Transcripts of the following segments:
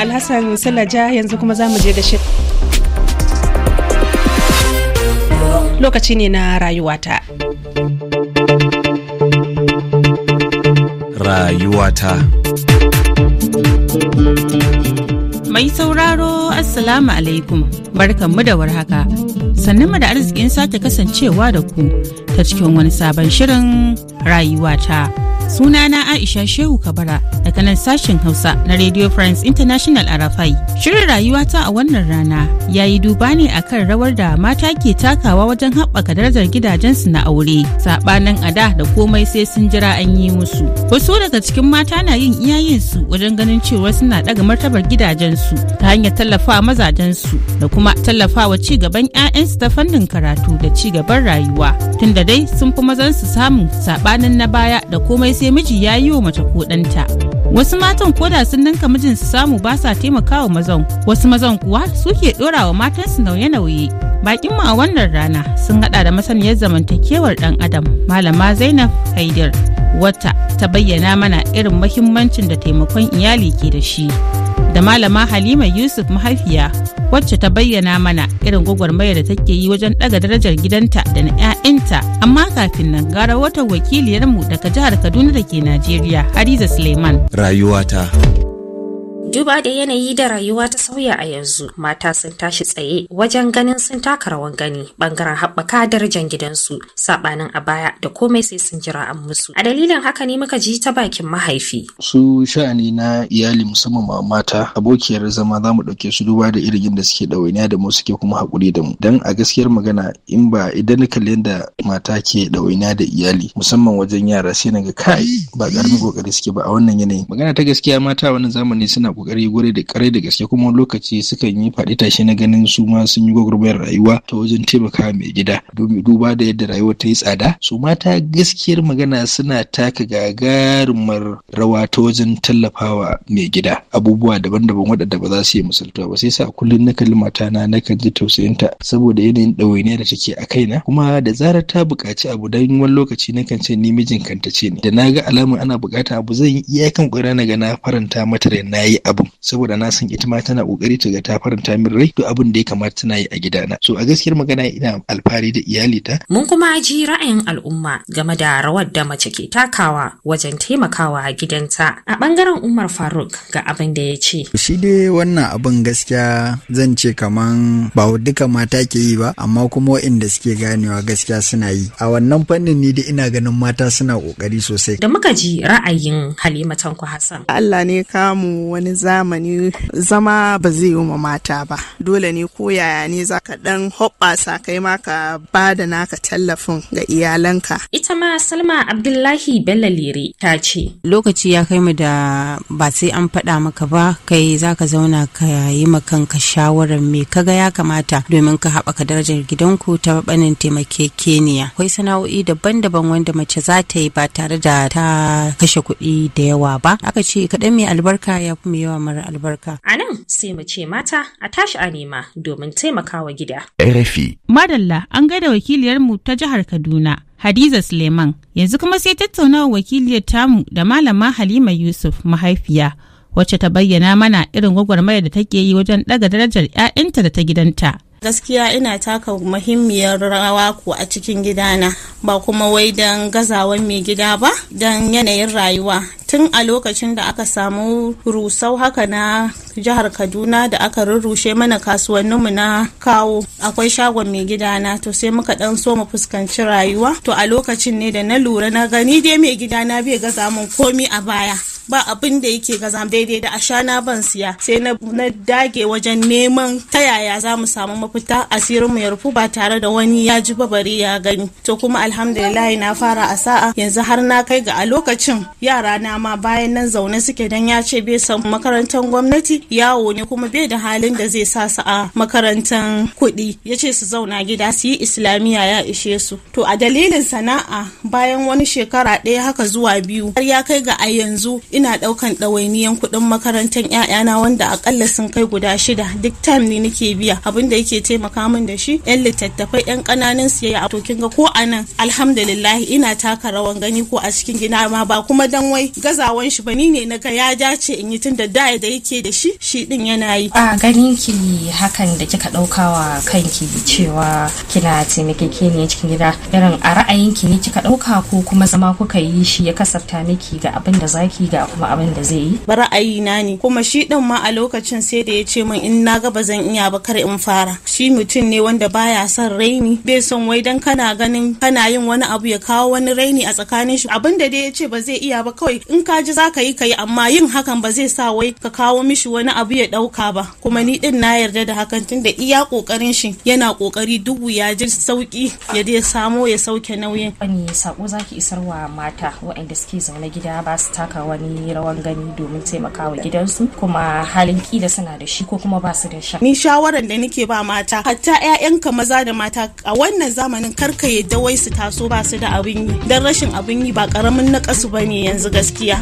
Alhassan salaja yanzu kuma za mu je da shi. Lokaci ne na rayuwata. Rayuwata. Mai sauraro Assalamu alaikum barkanmu da warhaka. Sannan mu da arzikin sake kasancewa da ku ta cikin wani sabon shirin rayuwata. Sunana Aisha Shehu Kabara daga nan sashen Hausa na Radio France International Arafai. Shirin rayuwa ta a wannan rana ya yi duba ne a kan rawar da mata ke takawa wajen haɓaka darajar gidajensu na aure. Saɓanin ada da komai sai sun jira an yi musu. Wasu daga cikin mata na yin iyayensu wajen ganin cewa suna ɗaga martabar gidajensu ta hanyar tallafa mazajensu da kuma tallafawa ci gaban 'ya'yansu ta fannin karatu da ci gaban rayuwa. Tunda dai sun fi mazansu samun saɓanin na baya da komai ai sai miji ya yi wa mace ko ɗanta. Wasu matan koda sun ninka mijin su samu ba sa taimakawa mazan, wasu mazan kuwa suke ɗora wa matansu nauye-nauye. Bakin mu a wannan rana sun haɗa da masaniyar zamantakewar ɗan adam Malama Zainab Haidar, wata ta bayyana mana irin mahimmancin da taimakon iyali ke da shi. Da Malama Halima Yusuf mahaifiya wacce ta bayyana mana irin gwagwarmayar da take yi wajen ɗaga darajar gidanta da na 'ya'yanta amma kafin nan gara wata wakiliyarmu daga jihar kaduna da ke najeriya hadiza suleiman rayuwata Duba da yanayi da rayuwa ta sauya a yanzu, mata sun tashi tsaye wajen ganin sun taka rawan gani bangaren haɓaka darajar gidansu, saɓanin a baya da komai sai sun jira an musu. A dalilin haka ne muka ji ta bakin mahaifi. Su sha'ani na iyali musamman ma mata abokiyar zama za mu ɗauke su duba da irin da suke ɗawainiya da mu suke kuma haƙuri da mu. Dan a gaskiyar magana in ba idan na kalli yadda mata ke ɗawainiya da iyali musamman wajen yara sai na ga kai ba ƙaramin ƙoƙari suke ba a wannan yanayin. Magana ta gaskiya mata wani zamani suna kokari gure da kare da gaske kuma lokaci sukan yi faɗi tashi na ganin su ma sun yi gwagwarmayar rayuwa ta wajen taimaka mai gida domin duba da yadda rayuwa ta yi tsada su mata gaskiyar magana suna taka gagarumar rawa ta wajen tallafawa mai gida abubuwa daban-daban waɗanda ba za su yi misaltuwa ba sai sa kullum na kalli matana na kan ji tausayinta saboda yanayin ɗawainiya da take a kaina kuma da zarar ta buƙaci abu dan wani lokaci na kan ce ni mijin kanta ce ne da na ga alamun ana buƙata abu zan yi iyakan ƙwira na ga na faranta mata da na yi abu abun saboda na san ita ma tana kokari ta ga ta faranta min rai duk abin da ya kamata tana yi a gidana so a gaskiyar magana ina alfahari da iyali ta mun kuma ji ra'ayin al'umma game da rawar da mace ke takawa wajen taimakawa a gidanta a bangaren Umar Faruk ga abin da ya ce shi dai wannan abin gaskiya zan ce kaman ba duka mata ke yi ba amma kuma waɗanda suke ganewa gaskiya suna yi a wannan fannin ni da ina ganin mata suna kokari sosai da muka ji ra'ayin Halima Tanko Hassan Allah ne kamu wani zamani zama ba zai yi wa mata ba dole ne ko yaya ne za ka dan hoɓɓasa kai ma ka ba da naka tallafin ga iyalanka ita ma salma abdullahi bello lere ta ce lokaci ya kai mu da ba sai an faɗa maka ba kai za ka zauna ka yi ma kanka shawarar me kaga ya kamata domin ka haɓaka darajar gidanku ta banin taimakekeniya akwai sana'o'i daban-daban wanda mace za ta yi ba tare da ta kashe kuɗi da yawa ba aka ce kaɗan mai albarka ya fi yawa yawa mara albarka. A nan sai mu ce mata a tashi a nema domin taimakawa gida. RFI. Madalla an gaida wakiliyarmu ta jihar Kaduna. Hadiza Suleiman yanzu kuma sai tattaunawa wakiliyar tamu da malama Halima Yusuf mahaifiya wacce ta bayyana mana irin gwagwarmaya da take yi wajen ɗaga darajar 'ya'yanta da ta gidanta. gaskiya ina taka muhimmiyar rawa ko a cikin gidana ba kuma wai don gazawan mai gida ba don yanayin rayuwa tun a lokacin da aka samu rusau haka na jihar kaduna da aka rurrushe mana kasuwanninmu na kawo akwai shagon mai gidana to sai muka dan so mu fuskanci rayuwa to a lokacin ne da na lura na gani dai mai gidana bai gaza mun komi a baya ba abin da yake gaza daidai da ashana ban siya sai na dage wajen neman ta yaya za mu samu mafita asirin mu ya rufu ba tare da wani ya ji babari ya gani to kuma alhamdulillah na fara a sa'a yanzu har na kai ga a lokacin yara na ma bayan nan zaune suke dan ya ce bai san makarantar gwamnati yawo ne kuma bai da halin da zai sa su a makarantar kuɗi ya ce su zauna gida su yi islamiyya ya ishe su to a dalilin sana'a bayan wani shekara ɗaya haka zuwa biyu har ya kai ga a yanzu ina ɗaukan ɗawainiyan kuɗin makarantar ‘ya'yana wanda akalla sun kai guda shida duk time ne nake biya abin da yake taimaka min da shi ‘yan littattafai ‘yan ƙananan siyayya a tokin ga ko anan alhamdulillah ina taka rawan gani ko a cikin gida ma ba kuma dan wai gazawan shi ba ni ne na ga ya dace in yi tun da da da yake da shi shi din yana yi. A ganin ki hakan da kika wa kanki cewa kina ke ne cikin gida irin a ra'ayinki ne kika ɗauka ko kuma zama kuka yi shi ya kasarta miki ga abin da zaki ga abu kuma abin da zai yi ba na ne kuma shi ɗin ma a lokacin sai da ya ce min in na ga ba zan iya ba kar in fara shi mutum ne wanda baya son raini bai son wai dan kana ganin kana yin wani abu ya kawo wani raini a tsakanin shi abin da dai ya ce ba zai iya ba kawai in ka ji za ka yi ka yi amma yin hakan ba zai sa wai ka kawo mishi wani abu ya ɗauka ba kuma ni ɗin na yarda da hakan tunda iya kokarin shi yana ƙoƙari dubu ya ji sauƙi ya dai samo ya sauke nauyin wani sako zaki isarwa mata waɗanda suke zaune gida ba su taka wani yi rawan gani domin taimakawa gidansu kuma halin kila suna da shi ko kuma ba su da sha. Ni shawaran da nake ba mata hatta 'ya'yanka maza da mata a wannan zamanin karka yadda wai su taso ba su da abin yi don rashin abin yi ba karamin na kasu ne yanzu gaskiya.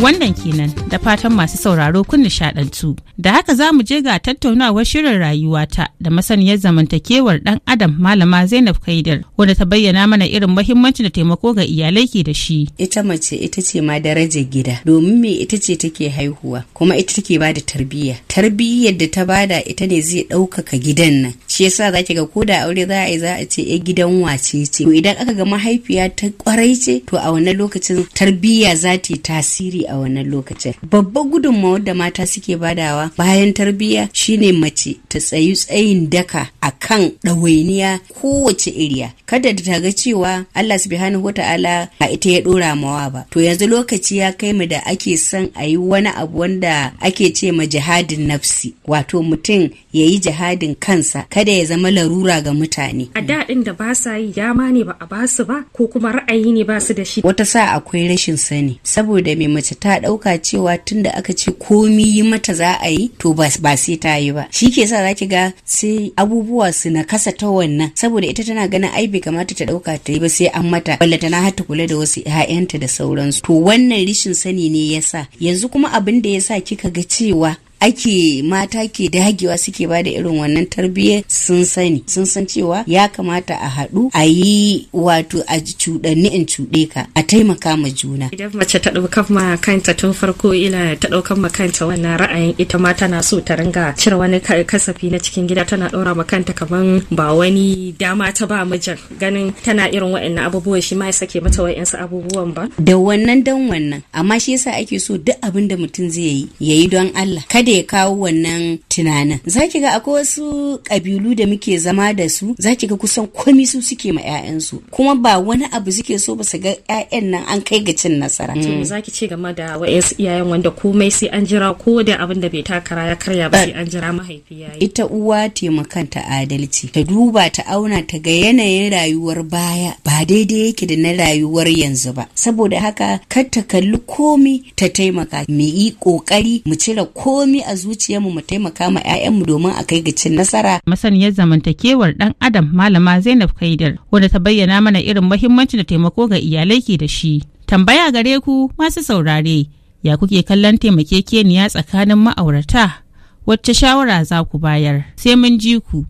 Wannan kenan da fatan masu sauraro kun nishadantu Da haka za mu je ga tattaunawar shirin rayuwata da masaniyar zamantakewar dan Adam Malama Zainab Kaidar wanda ta bayyana mana irin mahimmancin da taimako ga iyalai ke da shi. Ita mace ita ce ma darajar gida domin me ita ce take haihuwa kuma ita take bada tarbiyya. Tarbiyyar da ta bada ita ne zai ɗaukaka gidan nan shi yasa za ki ga ko da aure za a yi za a ce ya eh, gidan wace ce to idan aka ga mahaifiya ta kwarai ce to a wannan lokacin tarbiyya za ta yi tasiri a wannan lokacin babbar gudunmawa da mata suke badawa bayan tarbiyya shine mace ta tsayi tsayin daka a kan ɗawainiya kowace iriya kada ta ga cewa Allah subhanahu wa ta'ala a ita ya ɗora mawa ba to yanzu lokaci ya kai mu da ake son a yi wani abu wanda ake ce ma jihadin nafsi wato mutum ya yi jihadin kansa kada kada ya zama larura ga mutane a daɗin da ba sa yi dama ne ba a ba su ba ko kuma ra'ayi ne ba su da shi wata sa akwai rashin sani saboda mai mace ta ɗauka cewa tun da aka ce komi yi mata za a yi to ba sai ta yi ba shi ke sa za ki ga sai abubuwa su na kasa ta wannan saboda ita tana ganin ai bai kamata ta ɗauka ta yi ba sai an mata ballata tana hata kula da wasu 'ya'yanta da sauransu to wannan rashin sani ne ya sa. yanzu kuma abin da ya sa kika ga cewa ake mata ke dagewa suke ba da irin wannan tarbiyyar sun sani sun san cewa ya kamata a haɗu a yi wato a cuɗanni in cuɗe ka a taimaka ma juna. Idan mace ta ɗaukan ma kanta tun farko ila ta ɗaukan ma kanta wannan ra'ayin ita ma tana so ta ringa cire wani kasafi na cikin gida tana ɗora ma kanta kaman ba wani dama ta ba mijin ganin tana irin wa'annan abubuwan shi ma ya sake mata wa'ansu abubuwan ba. Da wannan dan wannan amma shi yasa ake so duk abin da mutum zai yi ya yi don Allah kada da ya kawo wannan tunanin za ki ga akwai wasu ƙabilu da muke zama da su za ki ga kusan komi su suke ma 'ya'yansu kuma ba wani abu suke so ba su ga 'ya'yan nan an kai ga cin nasara. za ki ce game da wa'yansu iyayen wanda komai sai an jira ko da abin da bai takara ya karya ba sai an jira mahaifi ita uwa ta adalci ta duba ta auna ta ga yanayin rayuwar baya ba daidai yake da na rayuwar yanzu ba saboda haka kar ta kalli komi ta taimaka mu yi kokari mu cire komi ƙuduri a zuciyarmu mu taimaka ma mu domin a kai gicin nasara. Masaniyar zamantakewar ɗan Adam Malama Zainab Kaidar wanda ta bayyana mana irin muhimmanci da taimako ga iyalai ke da shi. Tambaya gare ku masu saurare ya kuke kallon taimake taimakekeniya tsakanin ma'aurata wacce shawara za ku bayar sai mun ji ku.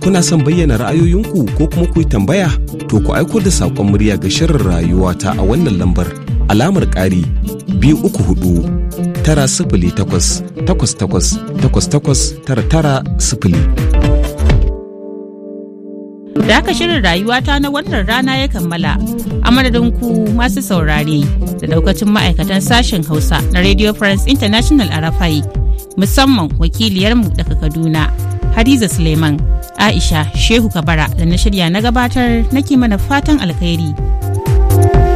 Kuna son bayyana ra'ayoyinku ko kuma ku yi tambaya to ku aiko da saƙon murya ga shirin rayuwata a wannan lambar alamar ƙari biyu uku hudu tara sifili takwas takwas takwas takwas takwas tara tara sifili. Da aka shirin rayuwata na wannan rana ya kammala, a madadin ku masu saurare da daukacin ma'aikatan sashen Hausa na Radio France International a Rafai, musamman wakiliyarmu daga Kaduna, Hadiza Suleiman, Aisha Shehu Kabara da na shirya na gabatar nake mana fatan alkhairi.